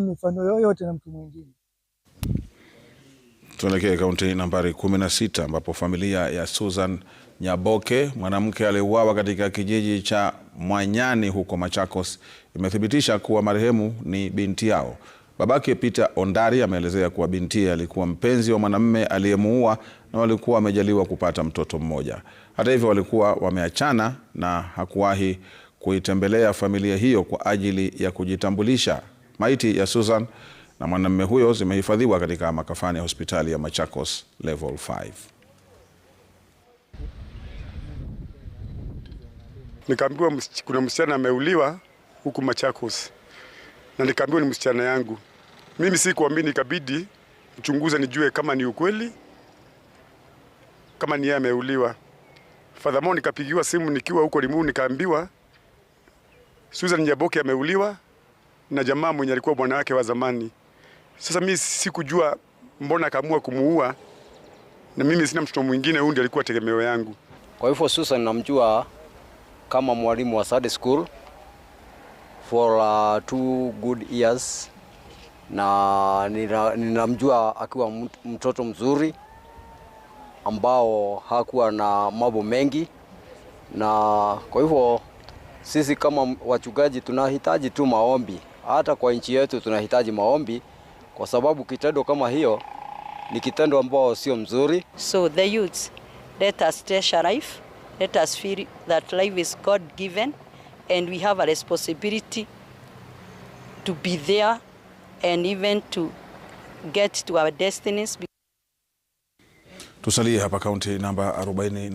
mifano yoyote na mtu mwingine. Tuelekee kaunti nambari 16 ambapo familia ya Susan Nyaboke, mwanamke aliyeuawa katika kijiji cha Mwanyani huko Machakos, imethibitisha kuwa marehemu ni binti yao. Babake Peter Ondari ameelezea kuwa binti alikuwa mpenzi wa mwanamume aliyemuua na walikuwa wamejaliwa kupata mtoto mmoja. Hata hivyo, walikuwa wameachana na hakuwahi kuitembelea familia hiyo kwa ajili ya kujitambulisha. Maiti ya Susan na mwanamume huyo zimehifadhiwa katika makafani ya hospitali ya Machakos Level 5. Nikaambiwa kuna msichana ameuliwa huku Machakos, na nikaambiwa ni msichana yangu. Mimi sikuamini, ikabidi mchunguze nijue kama ni ukweli, kama ni yeye ameuliwa. Fadhamo, nikapigiwa simu nikiwa huko Limuru, nikaambiwa Susan Nyaboke ameuliwa na jamaa mwenye alikuwa bwana wake wa zamani. Sasa mimi sikujua mbona akaamua kumuua, na mimi sina mtoto mwingine, huyu ndiye alikuwa tegemeo yangu. Kwa hivyo sasa ninamjua kama mwalimu wa Sunday school for uh, two good years na ninamjua akiwa mtoto mzuri ambao hakuwa na mambo mengi, na kwa hivyo sisi kama wachungaji tunahitaji tu maombi hata kwa nchi yetu tunahitaji maombi, kwa sababu kitendo kama hiyo ni kitendo ambao sio mzuri. So the youths let us treasure life, let us feel that life is God given and we have a responsibility to be there and even to get to our destinies. Tusalie hapa kaunti namba 40.